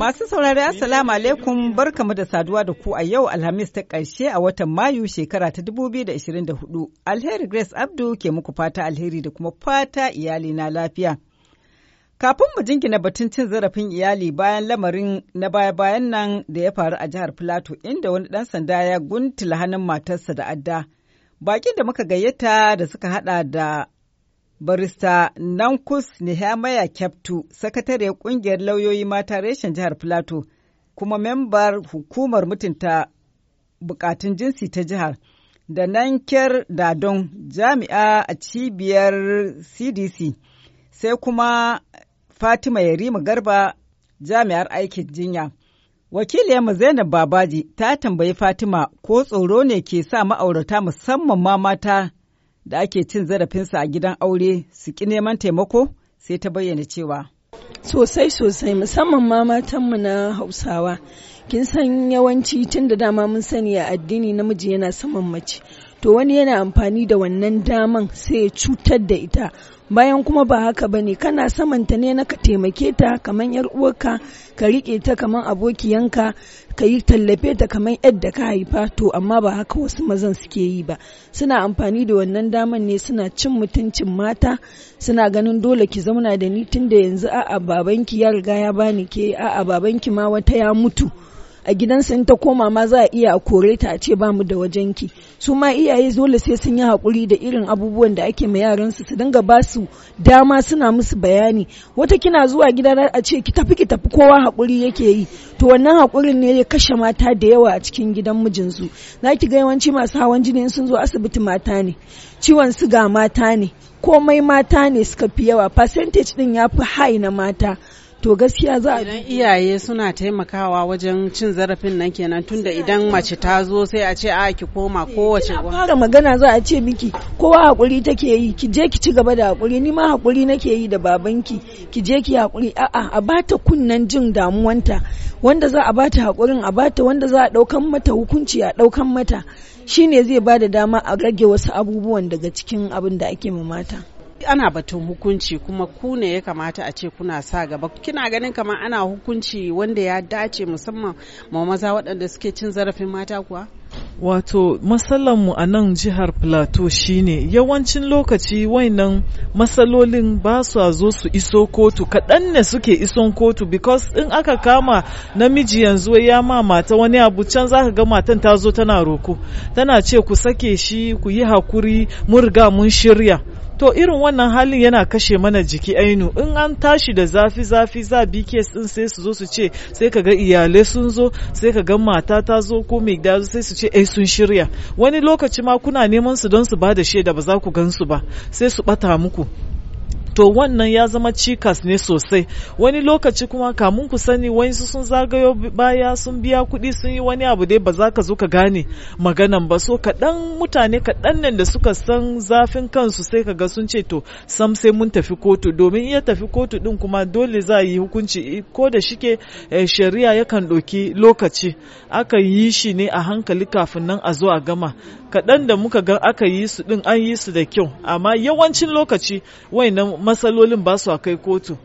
Masu saurari Assalamu alaikum barkamu da saduwa da ku a yau Alhamis ta ƙarshe a watan Mayu shekara ta 2024. Alheri Grace Abdu ke muku fata alheri da kuma fata iyali na lafiya. Kafin mu jingina batun cin zarafin iyali bayan lamarin na baya-bayan nan da ya faru a jihar Filato inda wani ɗan sanda ya guntula hannun matarsa da adda. Bakin da muka gayyata da suka haɗa da barista Nankus Nehemiah Kyaftu, sakatariyar kungiyar lauyoyi mata reshen jihar Filato, kuma membar hukumar mutunta bukatun jinsi ta jihar, da Nankyar Dadon jami'a a cibiyar CDC, sai kuma Fatima Yarima Garba jami'ar aikin jinya. wakili Wakiliyarmu Zainab Babaji ta tambayi Fatima ko tsoro ne ke sa ma'aurata musamman ma mata da ake cin zarafinsa a gidan aure su ki neman taimako sai ta bayyana cewa sosai sosai musamman ma matanmu na hausawa kin san yawanci tun da dama mun sani a addini namiji yana saman mace to wani yana amfani da wannan daman sai ya cutar da ita bayan kuma ba haka ba ne kana samanta ne na ka taimake ta kamar yar uwarka ka riƙe ta kamar abokiyanka ka yi tallafe ta kamar yadda ka haifa to amma ba haka wasu mazan suke yi ba suna amfani da wannan daman ne suna cin mutuncin mata suna ganin dole ki zauna da ni tun da yanzu a'a babanki ya riga ya bani ke a'a babanki ma wata ya mutu a gidansa in ta koma ma za a iya a kore ta a ce ba mu da wajenki su ma iyaye dole sai sun yi hakuri da irin abubuwan da ake ma yaransu su dinga ba su dama suna musu bayani wata kina zuwa gida a ce ki tafi ki tafi kowa haƙuri yake yi to wannan haƙurin ne ya kashe mata da yawa a cikin gidan mijinsu za ki ga yawanci masu hawan jini sun zo asibiti mata ne ciwon siga mata ne komai mata ne suka fi yawa percentage din ya fi high na mata to gaskiya za a iyaye suna taimakawa wajen cin zarafin nan kenan tunda idan mace ta zo sai a ce a ki koma eh, kowace gwamnati fara magana za a ce miki kowa hakuri take yi ki je ki ci gaba da hakuri ni ma hakuri nake yi da babanki ki je ki hakuri a'a a bata kunnan jin damuwanta wanda za a bata hakurin a bata wanda za a daukan mata hukunci a daukan mata shine zai bada dama a rage wasu abubuwan daga cikin abin da ake mamata ana batun hukunci kuma ku ne ya kamata a ce kuna sa gaba kina ganin kamar ana hukunci wanda ya dace musamman ma maza waɗanda suke cin zarafin mata kuwa wato mu a nan jihar plateau shine yawancin lokaci wainan matsalolin ba su zo su iso kotu kaɗan ne suke ison kotu because in aka kama namiji yanzu ya ma mata wani abu can za ka ga matan ta zo tana roko tana ce ku sake shi ku yi hakuri mun riga mun shirya to irin wannan halin yana kashe mana jiki ainu in an tashi da zafi zafi za bks din sai su zo su ce sai ka ga iyalai sun zo sai ka ga mata ta zo ko mai gida sai su ce eh sun shirya wani lokaci ma kuna neman su don su ba da shaida ba za ku gan su ba sai su bata muku to wannan ya zama cikas ne sosai wani lokaci kuma kamun ku sani wani sun zagayo baya sun biya kuɗi sun yi wani abu dai ba za ka zo ka gane maganan ba so kaɗan mutane kaɗan nan da suka san zafin kansu sai ka ga sun ce to sam sai mun tafi kotu domin iya tafi kotu ɗin kuma dole za a yi hukunci eh, ko da shike eh, shari'a yakan ɗauki lokaci aka yi shi ne a hankali kafin nan a zo a gama kaɗan da muka ga aka yi su ɗin an yi su da kyau amma yawancin lokaci na matsalolin ba su a kai kotu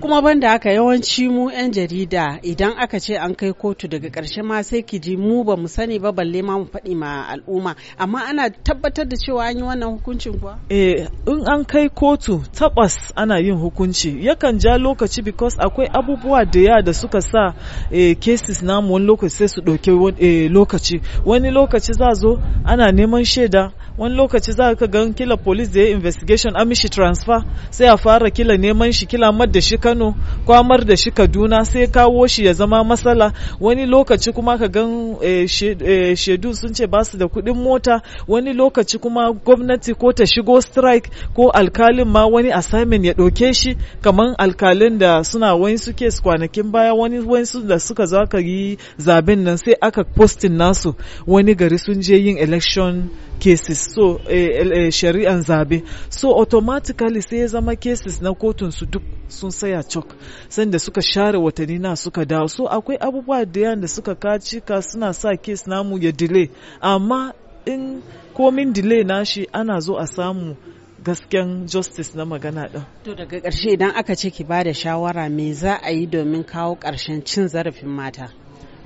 kuma banda haka yawanci mu 'yan jarida idan aka ce an kai kotu daga ƙarshe ma sai ki ji mu ba mu sani ba balle ma mu faɗi ma al'umma amma ana tabbatar da cewa an yi wannan hukuncin kuwa eh in an kai kotu tabbas ana yin hukunci yakan ja lokaci because akwai abubuwa da ya da suka sa eh, cases namu wani lokaci sai su ɗauki eh, lokaci wani lokaci za zo ana neman shaida wani lokaci za ka gan kila police da ya investigation an mishi transfer sai a fara kila neman shi kila mar da shi kano kwamar da shi kaduna sai kawo shi ya zama matsala wani lokaci kuma ka gan eh, shedu eh, sun ce ba su da kuɗin mota wani lokaci kuma gwamnati ko ta shigo strike ko alkalin ma wani assignment ya ɗauke shi kamar alkalin da suna wani su kwanakin baya wani wani da suka zaka yi zaben nan sai aka postin nasu wani gari sun je yin election cases so eh, eh, eh, shari'an zabe so automatically sai ya zama cases na kotun su duk sun saya cok sanda suka share watanni na suka dawo so akwai abubuwa da yan da suka kaci ka suna sa case namu ya delay amma in komin delay nashi ana zo a samu gasken justice na magana ɗin. To daga ƙarshe idan aka ce ki ba da shawara me za a yi domin kawo ƙarshen cin zarafin mata?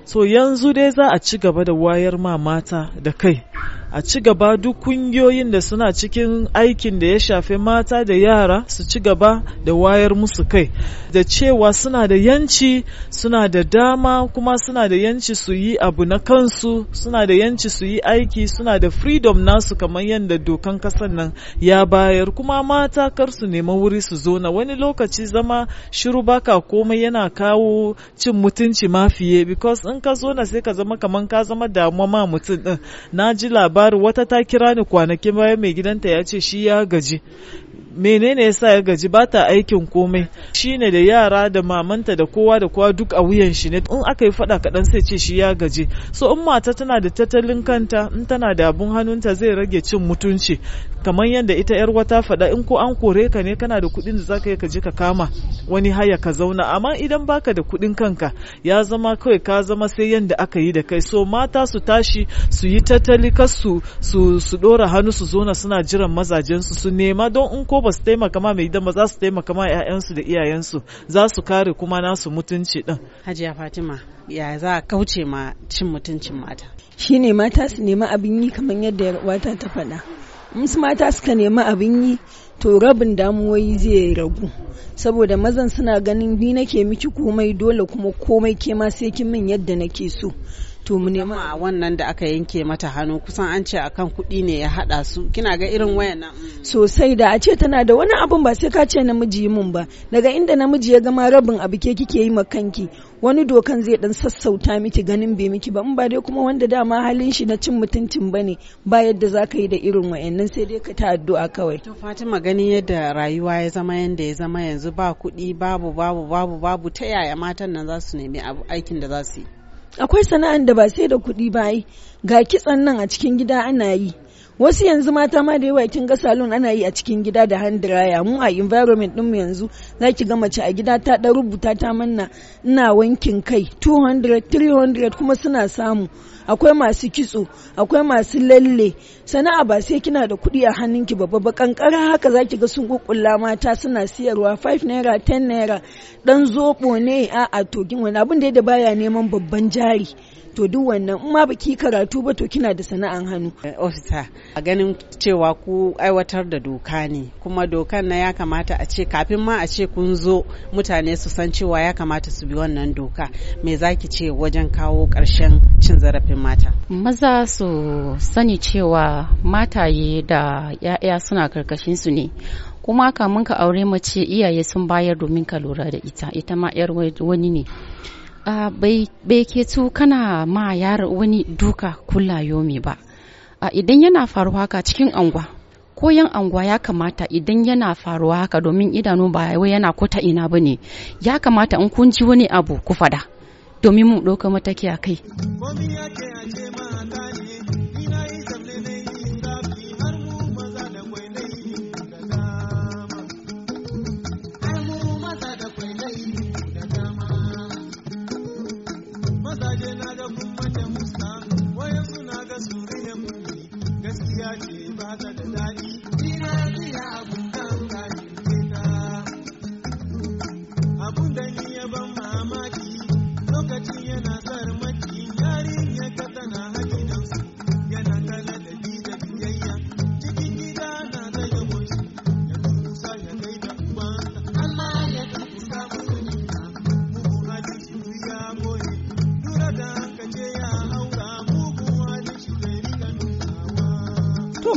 So yanzu dai za a ci gaba da wayar ma mata da kai a ci gaba duk kungiyoyin da suna cikin aikin da ya shafi mata da yara su ci gaba da wayar musu kai da cewa suna da yanci suna da dama kuma suna da yanci su yi abu na kansu suna da yanci su yi aiki suna da freedom nasu kamar yadda dokan kasar nan ya bayar kuma mata kar su nema wuri su zo na wani lokaci zama shiru baka komai yana kawo cin mutunci mafiye because in ka zo na sai ka zama kamar ka zama damuwa ma mutum din na ji labarin labarin wata ta kira ni kwanaki bayan mai gidanta ya ce shi ya gaji menene yasa ya gaji ba ta aikin komai shine da yara da mamanta da kowa da kowa duk a wuyan shi ne in aka yi faɗa kaɗan sai ce shi ya gaji so in mata tana da tattalin kanta in tana da abun hannunta zai rage cin mutunci kamar yadda ita yar wata faɗa in ko an kore ka ne kana da kuɗin da ka yi ka je ka kama wani haya ka zauna amma idan baka da kuɗin kanka ya zama kawai ka zama sai yadda aka yi da kai so mata su tashi su yi tattali kar su su hannu su zona suna jiran mazajensu su nema don in ko ba su taimaka ma mai dama za su taimaka ma 'ya'yansu da iyayensu za su kare kuma nasu mutunci din hajiya fatima ya za a kauce ma cin mutuncin mata shi ne mata su nemi abin yi kamar yadda wata ta faɗa musu mata suka nemi abin yi to rabin damuwoyi zai ragu saboda mazan suna ganin ni nake miki komai dole kuma komai ke ma sai kin min yadda nake so to mu a wannan da aka yanke mata hannu kusan an ce akan kuɗi ne ya haɗa su kina ga irin mm. wayan mm. sosai da a ce tana da wani abun ba sai ka ce namiji yi mun ba daga inda namiji ya gama rabin abu ke kike yi ma kanki wani dokan zai dan sassauta miki ganin bai miki ba in ba dai kuma wanda dama halin shi na cin mutuncin ba ne ba yadda za ka yi da irin wayannan sai dai ka ta addu'a kawai to Fatima ganin yadda rayuwa ya zama yanda ya zama yanzu ba kuɗi babu babu babu babu ta yaya matan nan za su nemi aikin da za su yi akwai sana'an da ba sai da kuɗi ba yi ga kitsan nan a cikin gida ana yi wasu yanzu mata ma da yawa kin ga salon ana yi a cikin gida da hand dryer mu a environment din mu yanzu zaki ga mace a gida ta da rubuta ta manna ina wankin kai 200 300 kuma suna samu akwai masu kitso akwai masu lalle sana'a ba sai kina da kuɗi a hannunki babba ba kankara haka zaki ga sun kukkulla mata suna siyarwa 5 naira 10 naira dan zobo ne a a togin wani abin da baya neman babban jari to duk wannan in ma baki karatu ba to kina da sana'an hannu eh, ofisa a ganin cewa ku aiwatar da doka ne kuma dokan na ya kamata a ce kafin ma a ce kun zo mutane su san cewa ya kamata su bi wannan doka me zaki ce wajen kawo ƙarshen cin zarafin mata maza su sani cewa mataye da 'ya'ya suna karkashin su ne kuma kamun ka aure mace iyaye sun bayar domin ka lura da ita ita ma 'yar wani ne A bai ke tu kana ma yaro wani duka kula yomi ba a idan yana faruwa haka cikin angwa koyan angwa ya kamata idan yana faruwa haka domin idanu ba wai yana kota ina ba ne ya kamata in kun ji wani abu ku fada domin mu ɗauka mataki a kai.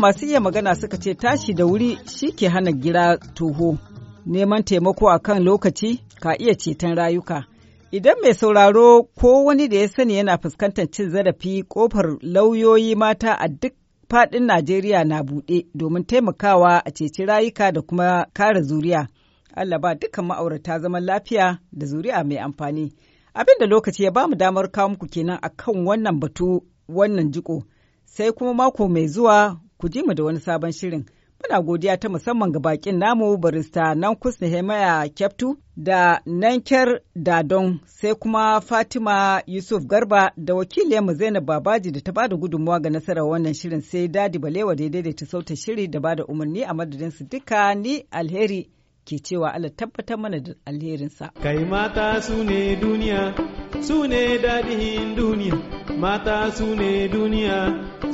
masu iya magana suka ce tashi da wuri shi ke hana gira toho. Neman taimako a kan lokaci ka iya ceton rayuka. Idan mai sauraro ko wani da ya sani yana fuskantar cin zarafi kofar lauyoyi mata a duk faɗin Najeriya na buɗe domin taimakawa a ceci rayuka da kuma kare zuriya. Allah ba dukkan ma'aurata zaman lafiya da zuriya mai amfani. Abin da lokaci ya ba mu damar kawo muku kenan akan wannan batu wannan jiko. Sai kuma mako mai zuwa ku ji mu da wani sabon shirin. Muna godiya ta musamman ga bakin namu barista nan kusna Hemaya Kyaftu da nanker Dadon sai kuma Fatima Yusuf Garba da wakiliyarmu Zainab Babaji da ta bada gudunmuwa ga nasarar wannan shirin sai Dadi Balewa daidai da ta sauta shiri da bada umarni a madadinsu duka ni alheri. ke cewa Allah tabbatar mana da alherinsa. Kai mata su ne duniya, su ne daɗin duniya, mata su ne duniya,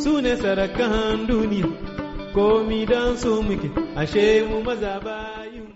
su ne sarakan duniya, komi don su muke, ashe mu maza bayu.